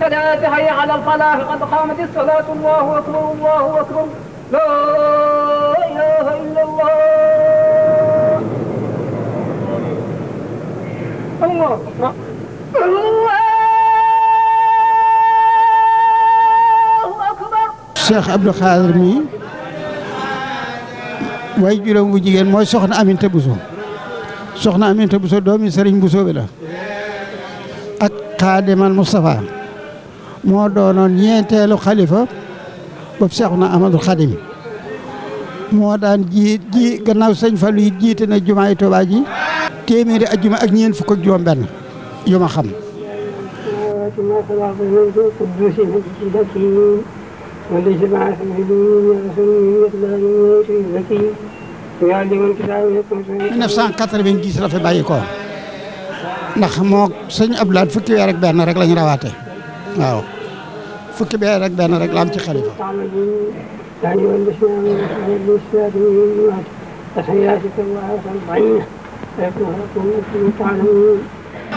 فلا تهيا على الفلاح قد قامت الصلاة jigéen mooy soxna Aminta Bousso soxna Aminta Bousso doomi Serigne Bousso bi ak Xaadimal Moustapha moo doonoon ñeenteelu xalifa bopp Seexuna Ahmadul Xadim moo daan jiit ji gannaaw sëñ Fallu yi jiite na jumaay Tuubaa ji téeméeri ajjuma ak ñeent fukk ak juróom benn yu ma xam mille neuf cent quatre vingt la fi bàyyi ko ndax moo sëñ Abdoulaye fukki weer ak benn rek lañu rawaate waaw fukki bee rek benn rek la am ci xalifa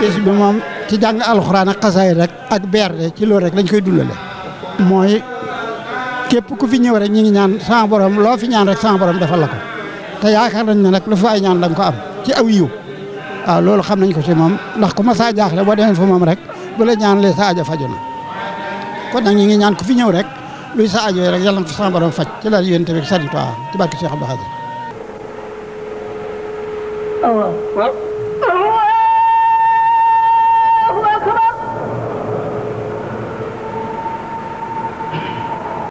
bis bi moom ci jàng alxuraan ak xasaay rek ak beerde ci loolu rek lañ koy dullale mooy képp ku fi ñëw rek ñu ngi ñaan sa borom loo fi ñaan rek sa borom defal la te yaakaar nañ ne nag lu fa ay ñaan danga ko am ci aw yiw waaw loolu xam nañ ko ci moom ndax ku ma saa jaaxle boo demee fa moom rek bu la ñaan lee sa aja faju na kon nag ñu ngi ñaan ku fi ñëw rek luy sa aajo rek yàlla na ko sama borom faj ci la yéen tamit Sëriñ Tuubaa ci barke Cheikh Abdou Khadre